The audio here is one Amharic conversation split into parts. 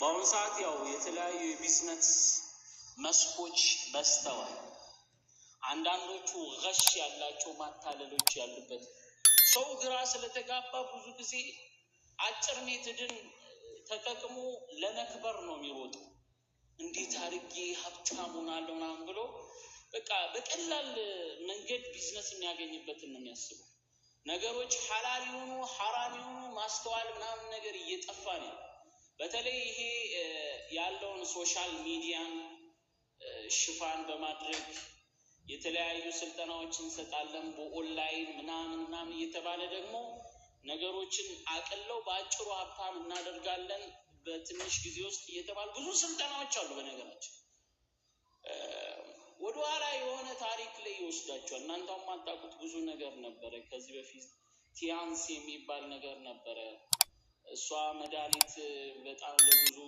በአሁኑ ሰዓት ያው የተለያዩ የቢዝነስ መስኮች በስተዋል። አንዳንዶቹ ገሽ ያላቸው ማታለሎች ያሉበት ሰው ግራ ስለተጋባ ብዙ ጊዜ አጭር ሜትድን ተጠቅሞ ለመክበር ነው የሚሮጡ። እንዴት አድርጌ ሀብታም ሆናለሁ ምናምን ብሎ በቃ በቀላል መንገድ ቢዝነስ የሚያገኝበትን ነው የሚያስበው። ነገሮች ሀላል የሆኑ ሀራም የሆኑ ማስተዋል ምናምን ነገር እየጠፋ ነው። በተለይ ይሄ ያለውን ሶሻል ሚዲያን ሽፋን በማድረግ የተለያዩ ስልጠናዎች እንሰጣለን በኦንላይን ምናምን ምናምን እየተባለ ደግሞ ነገሮችን አቅለው በአጭሩ ሀብታም እናደርጋለን በትንሽ ጊዜ ውስጥ እየተባሉ ብዙ ስልጠናዎች አሉ። በነገራችን ወደኋላ የሆነ ታሪክ ላይ ይወስዳቸዋል። እናንተም ማታውቁት ብዙ ነገር ነበረ። ከዚህ በፊት ቲያንስ የሚባል ነገር ነበረ። እሷ መድኃኒት በጣም ለብዙ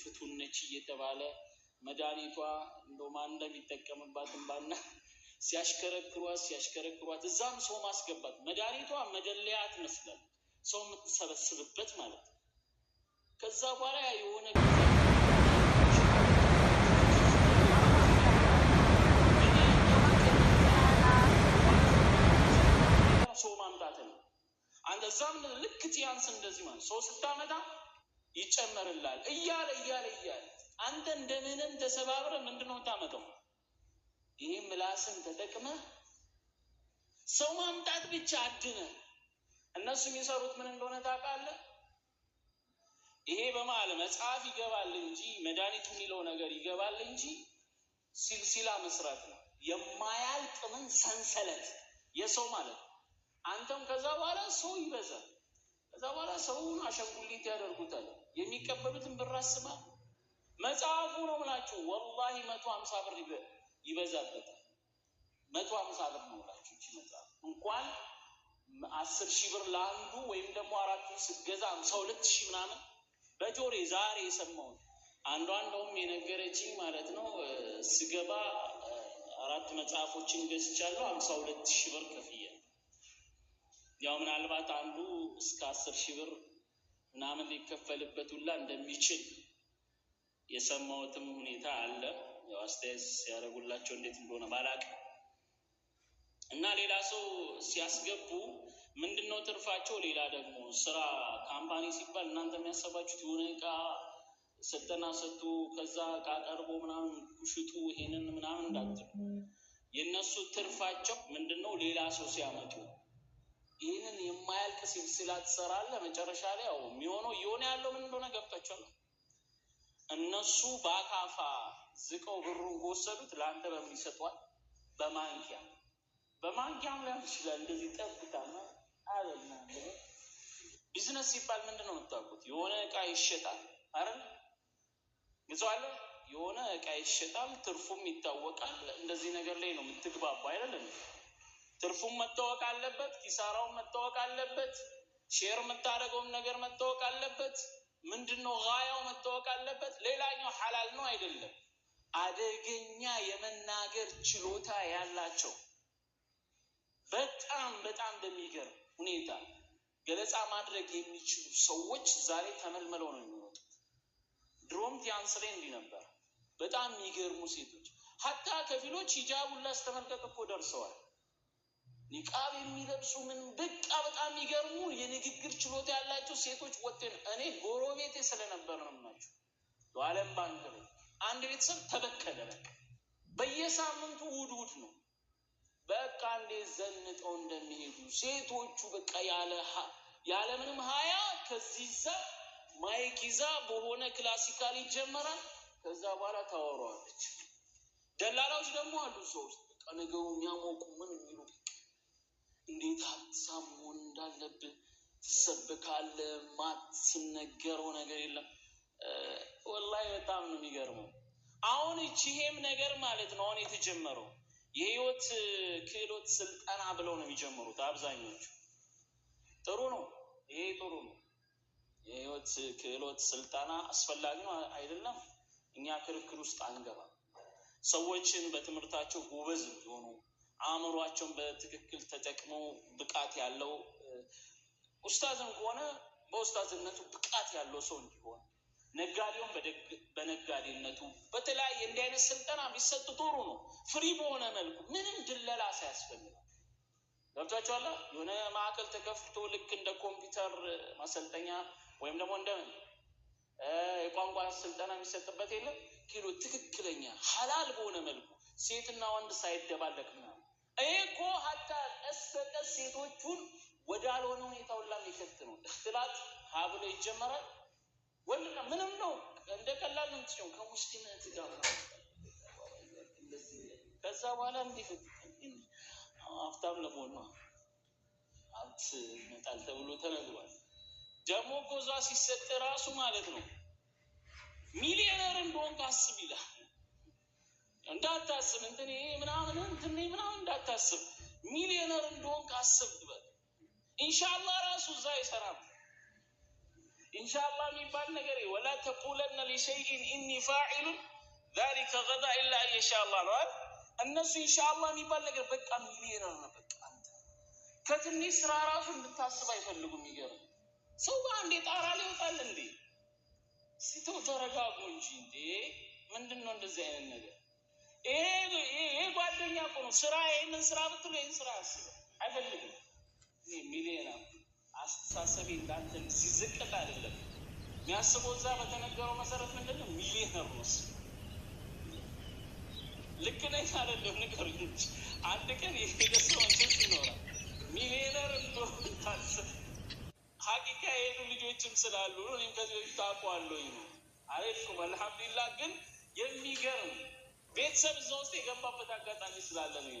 ፍቱን ነች እየተባለ መድኃኒቷ እንደ ማን እንደሚጠቀምባትን ባና ሲያሽከረክሯት ሲያሽከረክሯት እዛም ሰው ማስገባት መድኃኒቷ መደለያ ትመስላለች፣ ሰው የምትሰበስብበት ማለት ነው። ከዛ በኋላ የሆነ እዛም ልክ ቲያንስ እንደዚህ ማለት ሰው ስታመጣ ይጨመርላል እያለ እያለ እያለ አንተ እንደምንም ተሰባብረ ምንድነው የምታመጣው? ይህ ምላስን ተጠቅመ ሰው ማምጣት ብቻ አድነ። እነሱ የሚሰሩት ምን እንደሆነ ታውቃለህ? ይሄ በመሀል መጽሐፍ ይገባል እንጂ መድኃኒት የሚለው ነገር ይገባል እንጂ ሲልሲላ መስራት ነው። የማያልቅ ምን ሰንሰለት የሰው ማለት ነው አንተም ከዛ በኋላ ሰው ይበዛል። ከዛ በኋላ ሰውን አሸንጉሊት ያደርጉታል። የሚቀበሉትን ብር አስባ መጽሐፉ ነው ብላችሁ ወላሂ መቶ ሀምሳ ብር ይበዛበታል። መቶ ሀምሳ ብር ነው ብላችሁ እቺ መጽሐፍ እንኳን አስር ሺህ ብር ለአንዱ ወይም ደግሞ አራቱ ስገዛ ሀምሳ ሁለት ሺህ ምናምን በጆሬ ዛሬ የሰማውን አንዷ እንደውም የነገረችኝ ማለት ነው ስገባ አራት መጽሐፎችን ገዝቻለሁ ሀምሳ ሁለት ሺህ ብር ከፍያ ያው ምናልባት አንዱ እስከ አስር ሺህ ብር ምናምን ሊከፈልበት ሁላ እንደሚችል የሰማሁትም ሁኔታ አለ። ያው አስተያየት ሲያደርጉላቸው እንዴት እንደሆነ ባላቅ እና ሌላ ሰው ሲያስገቡ ምንድን ነው ትርፋቸው? ሌላ ደግሞ ስራ ካምፓኒ ሲባል እናንተ የሚያሰባችሁት የሆነ እቃ ስልጠና ሰጡ፣ ከዛ እቃ ቀርቦ ምናምን ሽጡ፣ ይሄንን ምናምን እንዳትሉ። የእነሱ ትርፋቸው ምንድን ነው? ሌላ ሰው ሲያመጡ ይህንን የማያልቅ ሲልሲላ ትሰራለህ። መጨረሻ ላይ ያው የሚሆነው እየሆነ ያለው ምን እንደሆነ ገብቷቸው ነው። እነሱ በአካፋ ዝቀው ብሩን ከወሰዱት ለአንተ በምን ይሰጧል? በማንኪያ በማንኪያም ላይ ይችላል። እንደዚህ ጠብታ አለና ቢዝነስ ሲባል ምንድን ነው የምታውቁት? የሆነ እቃ ይሸጣል አይደል? ግዘዋለ የሆነ እቃ ይሸጣል፣ ትርፉም ይታወቃል። እንደዚህ ነገር ላይ ነው የምትግባቡ አይደለም? ትርፉም መታወቅ አለበት፣ ኪሳራውን መታወቅ አለበት፣ ሼር የምታደርገውን ነገር መታወቅ አለበት። ምንድነው ጋያው መታወቅ አለበት። ሌላኛው ሐላል ነው አይደለም። አደገኛ የመናገር ችሎታ ያላቸው በጣም በጣም በሚገርም ሁኔታ ገለጻ ማድረግ የሚችሉ ሰዎች ዛሬ ተመልመለው ነው የሚወጡት። ድሮም ቲያንስሬ እንዲህ ነበር። በጣም የሚገርሙ ሴቶች ሀታ ከፊሎች ሂጃቡን ላስተመልቀቅ እኮ ደርሰዋል። ኒቃብ የሚለብሱ ምን በቃ በጣም የሚገርሙ የንግግር ችሎታ ያላቸው ሴቶች ወጥን። እኔ ጎረቤቴ ስለነበር ነው ናቸው የዓለም ባንክ ነው አንድ ቤተሰብ ተበከለ። በቃ በየሳምንቱ ውድ ውድ ነው። በቃ እንዴ ዘንጠው እንደሚሄዱ ሴቶቹ በቃ ያለ ያለምንም ሀያ ከዚህ ዛ ማይክ ይዛ በሆነ ክላሲካል ይጀመራል። ከዛ በኋላ ታወራዋለች። ደላላዎች ደግሞ አሉ ሰዎች ነገሩ የሚያሞቁ ምን እንዴት ሀብታም መሆን ትሰብካለ ማት ማትነገረው ነገር የለም። ወላይ በጣም ነው የሚገርመው። አሁን ይህም ነገር ማለት ነው አሁን የተጀመረው የህይወት ክህሎት ስልጠና ብለው ነው የሚጀምሩት አብዛኞቹ። ጥሩ ነው፣ ይሄ ጥሩ ነው። የህይወት ክህሎት ስልጠና አስፈላጊ ነው አይደለም። እኛ ክርክር ውስጥ አንገባም። ሰዎችን በትምህርታቸው ጎበዝ እንዲሆኑ አእምሯቸውን በትክክል ተጠቅሞ ብቃት ያለው ኡስታዝም ከሆነ በኡስታዝነቱ ብቃት ያለው ሰው እንዲሆን፣ ነጋዴውን በነጋዴነቱ በተለያየ እንዲህ አይነት ስልጠና ቢሰጥ ጥሩ ነው። ፍሪ በሆነ መልኩ ምንም ድለላ ሳያስፈልግ ገብቷችኋል። የሆነ ማዕከል ተከፍቶ ልክ እንደ ኮምፒውተር ማሰልጠኛ ወይም ደግሞ እንደምን የቋንቋ ስልጠና የሚሰጥበት የለም። ኪሎ ትክክለኛ ሀላል በሆነ መልኩ ሴትና ወንድ ሳይደባለቅ ምናምን ይህ እኮ ሀታ ቀስ በቀስ ሴቶቹን ወዳልሆነ ሁኔታ ሁላ የሚከት ነው። እክትላት ሀብሎ ይጀመራል። ወልና ምንም ነው እንደ ቀላል ነው ምትችው ጋር ከዛ በኋላ እንዴት ሀብታም ለመሆኗ ሀብት ይመጣል ተብሎ ተነግሯል። ደግሞ ጎዛ ሲሰጥ ራሱ ማለት ነው ሚሊዮነር እንደሆን ካስብ ይላል እንዳታስብ እንትን ምናምን እንትን ምናምን እንዳታስብ፣ ሚሊዮነር እንደሆን ካስብ በል ኢንሻአላህ ራሱ እዛ አይሰራም። ኢንሻአላህ የሚባል ነገር ወላ ተቁለነ ሊሸይኢን ኢኒ ፋዒሉን ዛሊከ ገዳ ኢላ ኢንሻአላ ነው እነሱ ኢንሻአላ የሚባል ነገር በቃ ሚሊዮነር ነው በቃ ከትንሽ ስራ ራሱ እንድታስብ አይፈልጉም። ይገርም ሰው በአንዴ ጣራ ሊወጣል እንዴ? ሲተው ተረጋጉ እንጂ እንዴ! ምንድን ነው እንደዚህ አይነት ነገር ይሄ ጓደኛ እኮ ነው። ስራ ይህንን ስራ ብትሉ ይህን ስራ ያስበ አይፈልግም። ሚሊዮና አስተሳሰቤ እንዳንተ ሲዝቅት አይደለም የሚያስበው እዛ በተነገረው መሰረት ምንድን ነው ሚሊዮነር ነው እሱ። ልክ ነኝ አይደለም ንገሩኝ እንጂ አንድ ቀን የሄደ ሰው እንትን ይኖራል። ሚሊዮነር እንደሆነ ታስብ ሀቂቃ የሄዱ ልጆችም ስላሉ እኔም ከዚህ በፊት አውቀዋለሁኝ ነው አሬፍኩም አልሐምዱሊላህ ግን የሚገርም ቤተሰብ እዛ ውስጥ የገባበት አጋጣሚ ስላለ ነው።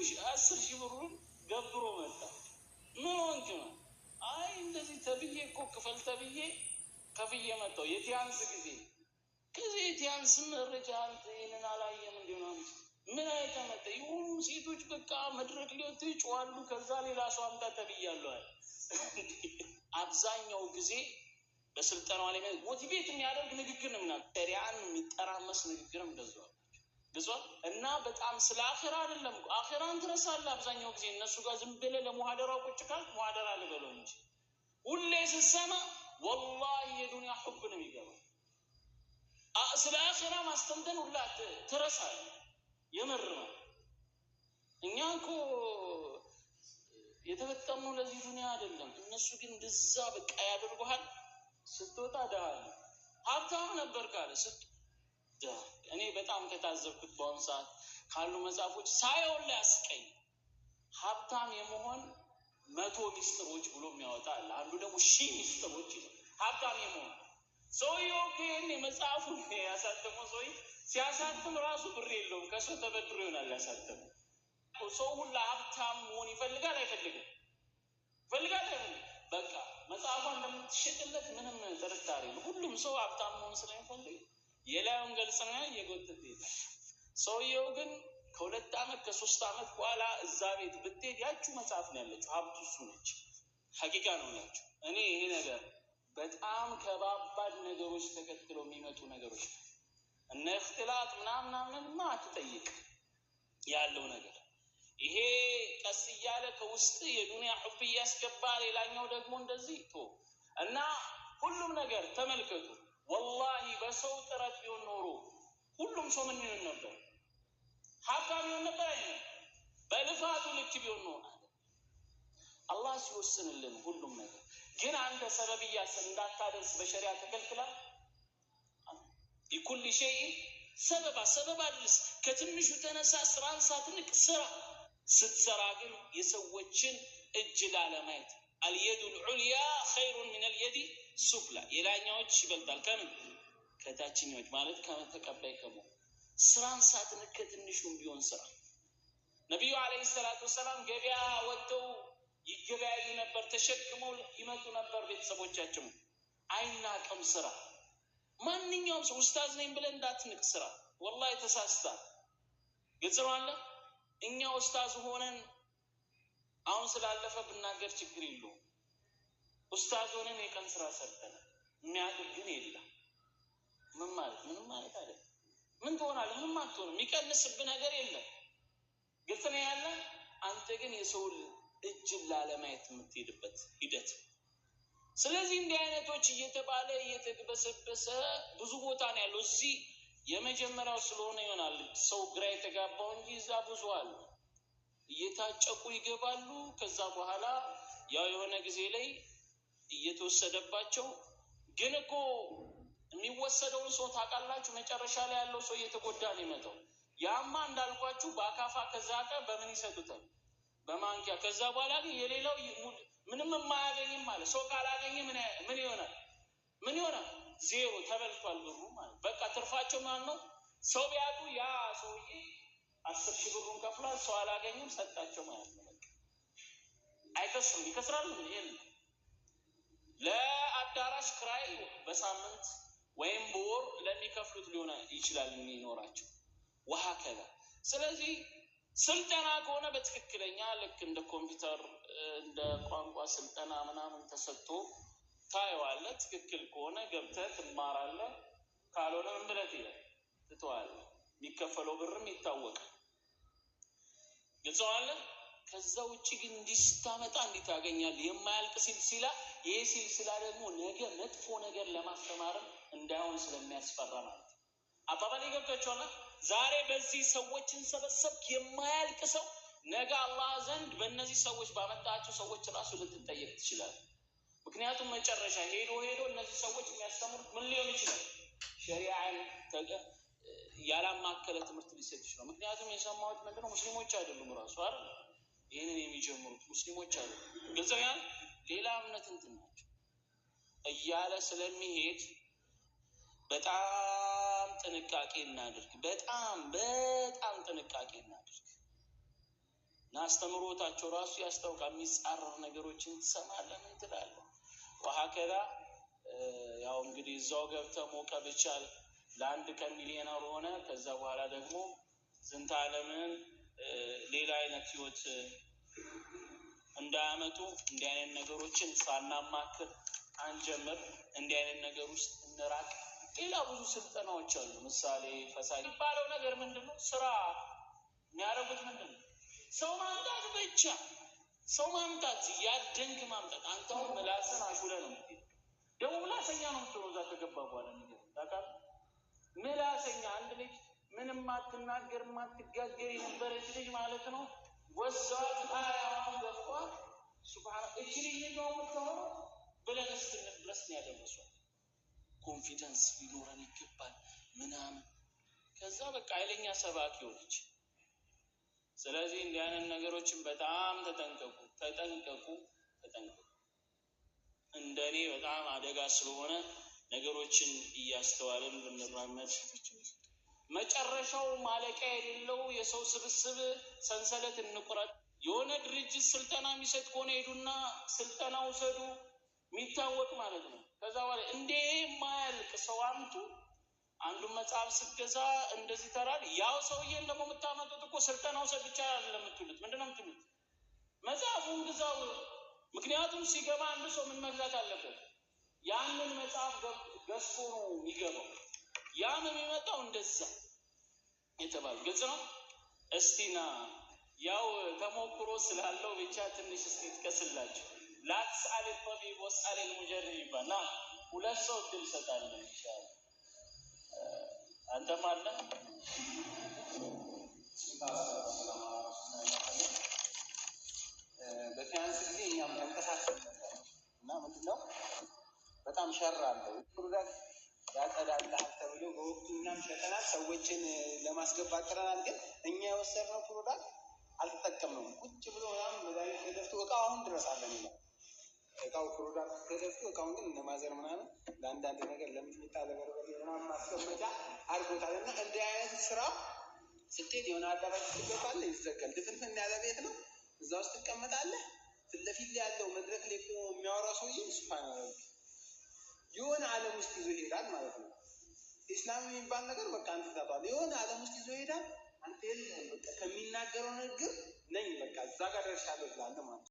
ይሄ አስር ሺህ ብሩን ገብሮ መጣ። ምን ሆንክ ነው? አይ እንደዚህ ተብዬ እኮ ክፈል ተብዬ ከፍዬ መጣው። የቲያንስ ጊዜ ከዚህ የቲያንስ መረጃ አንተ ይህንን አላየም እንዲሆነ ምን አይተመጠ የሆኑ ሴቶች በቃ መድረክ ሊወጡ ይጮዋሉ። ከዛ ሌላ ሰው አምጣ ተብያለሁ። አብዛኛው ጊዜ በስልጠናው ላይ ሞቲቬት የሚያደርግ ንግግር ነው ምና ሸሪዓን የሚጠራመስ ንግግር እንደዚያ ብጾት እና በጣም ስለ አኼራ አይደለም። አኼራን ትረሳለህ አብዛኛው ጊዜ እነሱ ጋር ዝም ብለህ ለመዋደራ ቁጭ ካል ሙሀደራ ልበለው እንጂ ሁሌ ስሰማ ወላሂ የዱኒያ ሁብ ነው የሚገባ። ስለ አኼራ ማስተምደን ሁላ ትረሳል የምር ነው። እኛ እኮ የተፈጠርነው ለዚህ ዱኒያ አይደለም። እነሱ ግን ድዛ በቃ ያደርጉሃል። ስትወጣ ድሃ ነው። ሀብታም ነበር ካለ እኔ በጣም ከታዘብኩት በአሁኑ ሰዓት ካሉ መጽሐፎች ሳየውን ላይ አስቀኝ ሀብታም የመሆን መቶ ሚስጥሮች ብሎ የሚያወጣ አለ። አንዱ ደግሞ ሺህ ሚስጥሮች ይ ሀብታም የመሆን ሰውየው ግን የመጽሐፉ ያሳተመው ሰው ሲያሳትም ራሱ ብር የለውም። ከሰው ተበድሮ ይሆናል ያሳተመ። ሰው ሁላ ሀብታም መሆን ይፈልጋል አይፈልግም? ይፈልጋል አይፈልግም? በቃ መጽሐፏ እንደምትሸጥለት ምንም ጥርጣሬ ነው። ሁሉም ሰው ሀብታም መሆን ስለሚፈልግ የላዩን ገልጽና እየጎተተ ሰውየው ግን ከሁለት ዓመት ከሶስት ዓመት በኋላ እዛ ቤት ብትሄድ ያችሁ መጽሐፍ ነው ያለችው። ሀብቱ እሱ ነች። ሀቂቃ ነው ናቸው። እኔ ይሄ ነገር በጣም ከባባድ ነገሮች ተከትለው የሚመጡ ነገሮች እነ እክትላት ማ አትጠይቅ ያለው ነገር ይሄ ቀስ እያለ ከውስጥ የዱኒያ ሑብ እያስገባ ሌላኛው ደግሞ እንደዚህ ቶ እና ሁሉም ነገር ተመልከቱ። ወላሂ በሰው ጥረት ቢሆን ኖሮ ሁሉም ሰው ምን ይሆን ነበር? ሀብታ ቢሆን ነበር። አይ በልፋቱ ልክ ቢሆን ኖሮ አላህ ሲወስንልን ሁሉም ነገር። ግን አንተ ሰበብ እያሰብ እንዳታደርስ በሸሪያ ተከልክላል። ሊኩል ሸይ ሰበባ ሰበብ አድርስ። ከትንሹ ተነሳ፣ ስራን ሳትንቅ ስራ ስትሰራ ግን የሰዎችን እጅ ላለማየት አልየዱ ልዑልያ ኸይሩን ምን አልየዲ ሱፍላ የላኛዎች ይበልጣል ከምን ከታችኛዎች ማለት ተቀባይ ከሞ ስራን ሳትንክ ትንሹም ቢሆን ስራ ነቢዩ አለይሂ ሰላቱ ወሰላም ገበያ ወጥተው ይገበያዩ ነበር። ተሸክመው ይመጡ ነበር። ቤተሰቦቻቸው አይናቅም ስራ። ማንኛውም ሰው ኡስታዝ ነኝ ብለን እንዳትንቅ ስራ። ወላሂ ተሳስታ ግጽ ነው እኛ ኡስታዝ ሆነን አሁን ስላለፈ ብናገር ችግር የለውም። ኡስታዝ ሆነን የቀን ስራ ሰርተናል። የሚያቅር ግን የለም። ምን ማለት ምን ማለት አለ ምን ትሆናለህ? ምንም አትሆንም። የሚቀንስብ ነገር የለም። ግልጽ ነው ያለ። አንተ ግን የሰውን እጅን ላለማየት የምትሄድበት ሂደት ስለዚህ እንዲህ አይነቶች እየተባለ እየተግበሰበሰ ብዙ ቦታ ነው ያለው እዚህ የመጀመሪያው ስለሆነ ይሆናል ሰው ግራ የተጋባው እንጂ እዛ ብዙ አሉ። እየታጨቁ ይገባሉ። ከዛ በኋላ ያው የሆነ ጊዜ ላይ እየተወሰደባቸው ግን እኮ የሚወሰደውን ሰው ታውቃላችሁ። መጨረሻ ላይ ያለው ሰው እየተጎዳ ነው የመጣው። ያማ እንዳልኳችሁ በአካፋ ከዛ ቀ በምን ይሰጡታል በማንኪያ። ከዛ በኋላ ግን የሌላው ምንም የማያገኝም ማለት ሰው ካላገኘ ምን ይሆናል? ምን ይሆናል? ዜሮ ተበልቷል ብሩ ማለት በቃ ትርፋቸው ማን ነው? ሰው ቢያጡ ያ ሰውዬ አስር ሺህ ብሩን ከፍሏል። ሰው አላገኘም ሰጣቸው ማለት ነው። በቃ አይከስሩም። ይከስራሉ ይሄን ለአዳራሽ ክራይ በሳምንት ወይም በወር ለሚከፍሉት ሊሆን ይችላል የሚኖራቸው ውሃ ከላ ስለዚህ ስልጠና ከሆነ በትክክለኛ ልክ እንደ ኮምፒውተር እንደ ቋንቋ ስልጠና ምናምን ተሰጥቶ ታየዋለህ። ትክክል ከሆነ ገብተህ ትማራለህ፣ ካልሆነ ምንድነት ይለ ትተዋለህ። የሚከፈለው ብርም ይታወቃል። ግልጸዋለህ። ከዛ ውጭ ግን እንዲህ ስታመጣ እንዲህ ታገኛለህ። የማያልቅ ሲልሲላ፣ ይህ ሲልሲላ ደግሞ ነገ መጥፎ ነገር ለማስተማርም እንዳይሆን ስለሚያስፈራ ማለት አባባል ገብቷቸዋል። ዛሬ በዚህ ሰዎች እንሰበሰብክ የማያልቅ ሰው ነገ አላህ ዘንድ በእነዚህ ሰዎች ባመጣቸው ሰዎች ራሱ ልትጠየቅ ትችላለህ። ምክንያቱም መጨረሻ ሄዶ ሄዶ እነዚህ ሰዎች የሚያስተምሩት ምን ሊሆን ይችላል? ሸሪዓን ያላማከለ ትምህርት ሊሰጥ ይችላል። ምክንያቱም የሰማሁት ምንድነው ሙስሊሞች አይደሉም ራሱ አይደል ይህንን የሚጀምሩት ሙስሊሞች አይደሉም፣ ግልጽ ሌላ እምነት እንትን ናቸው እያለ ስለሚሄድ በጣም ጥንቃቄ እናደርግ በጣም በጣም ጥንቃቄ እናድርግ። እና አስተምሮታቸው ራሱ ያስታውቃል። የሚጻረር ነገሮችን ትሰማለን እንትላለን። ወሀከዛ ያው እንግዲህ እዛው ገብተ ሞቀ ብቻል ለአንድ ቀን ሚሊዮነር ሆነ። ከዛ በኋላ ደግሞ ዝንተ ዓለምን ሌላ አይነት ህይወት እንዳያመጡ እንዲህ አይነት ነገሮችን ሳናማክር አንጀምር፣ እንዲህ አይነት ነገር ውስጥ እንራቅ። ሌላ ብዙ ስልጠናዎች አሉ። ምሳሌ ፈሳ የሚባለው ነገር ምንድን ነው? ስራ የሚያደርጉት ምንድን ነው? ሰው ማምጣት ብቻ ሰው ማምጣት ያደንክ ማምጣት። አንተ አሁን ምላስን አሹለ ነው ደግሞ ምላሰኛ ነው ምትሆነው እዛ ከገባ በኋላ ነገር ታውቃለህ፣ ምላሰኛ አንድ ልጅ ምንም ማትናገር ማትጋገር የነበረች ልጅ ማለት ነው ወሰዋት ሀያውን ገፏ ሱብሃና እቺ ልጅ ነው የምትሆነው ብለን እስክንል ነው ያደረሷል። ኮንፊደንስ ሊኖረን ይገባል ምናምን። ከዛ በቃ አይለኛ ሰባኪ ሆነች። ስለዚህ እንዲህ አይነት ነገሮችን በጣም ተጠንቀቁ ተጠንቀቁ ተጠንቀቁ። እንደኔ በጣም አደጋ ስለሆነ ነገሮችን እያስተዋልን ብንራመድ መጨረሻው ማለቂያ የሌለው የሰው ስብስብ ሰንሰለት እንቁረጥ። የሆነ ድርጅት ስልጠና የሚሰጥ ከሆነ ሄዱና ስልጠና ውሰዱ፣ የሚታወቅ ማለት ነው። ከዛ በኋላ እንዴ የማያልቅ ሰው አምቱ አንዱን መጽሐፍ ስገዛ እንደዚህ ተራል ያው ሰውዬን ደግሞ የምታመጡት እኮ ስልጠና ውሰድ ብቻ አይደለም የምትሉት። ምንድን የምትሉት? መጽሐፉን ግዛው። ምክንያቱም ሲገባ አንዱ ሰው ምን መግዛት አለበት? ያንን መጽሐፍ ገዝቶ ነው የሚገባው። ያም የሚመጣው እንደዛ የተባሉ ግልጽ ነው። እስቲና ያው ተሞክሮ ስላለው ብቻ ትንሽ እስቲ ጥቀስላቸው። ላትሳአል ጠቢብ ወስአል ሙጀርብ ና ሁለት ሰው እድል ይሰጣለን ይሻላል አንተም አለ በፊያንስ ጊዜ እኛም ተንቀሳቀስ ነበር እና ምንድነው በጣም ሸር አለው ፕሮዳክት ያጸዳልሃል ተብሎ በወቅቱ እኛም ሸጠናል። ሰዎችን ለማስገባት ጥረናል። ግን እኛ የወሰድነው ፕሮዳክት አልተጠቀምነውም። ቁጭ ብሎ ምናምን መድኃኒት ተደፍቶ እቃ አሁን ድረስ አለን ይላል እቃው ፕሮዳክት ተደርጎ እቃውን ግን ለማዘር ምናምን ለአንዳንድ ነገር ለሚጥሚጣ ለበርበሬ ምናምን ማስቀመጫ አድርጎታል። እና እንደ አይነት ስራ ስትሄድ የሆነ አዳራሽ ትገባለ፣ ይዘጋል። ድፍንፍን ያለ ቤት ነው። እዛ ውስጥ ትቀመጣለ። ፊትለፊት ለፊት ያለው መድረክ ላይ ቆሞ የሚያወራ ሰውዬ ስፋን የሆነ አለም ውስጥ ይዞ ይሄዳል ማለት ነው። ኢስላም የሚባል ነገር በቃ አንተ ታቷል። የሆነ አለም ውስጥ ይዞ ይሄዳል። አንተ ከሚናገረው ንግግር ነኝ በቃ እዛ ጋር ደርሻለሁ ትላለህ ማለት ነው።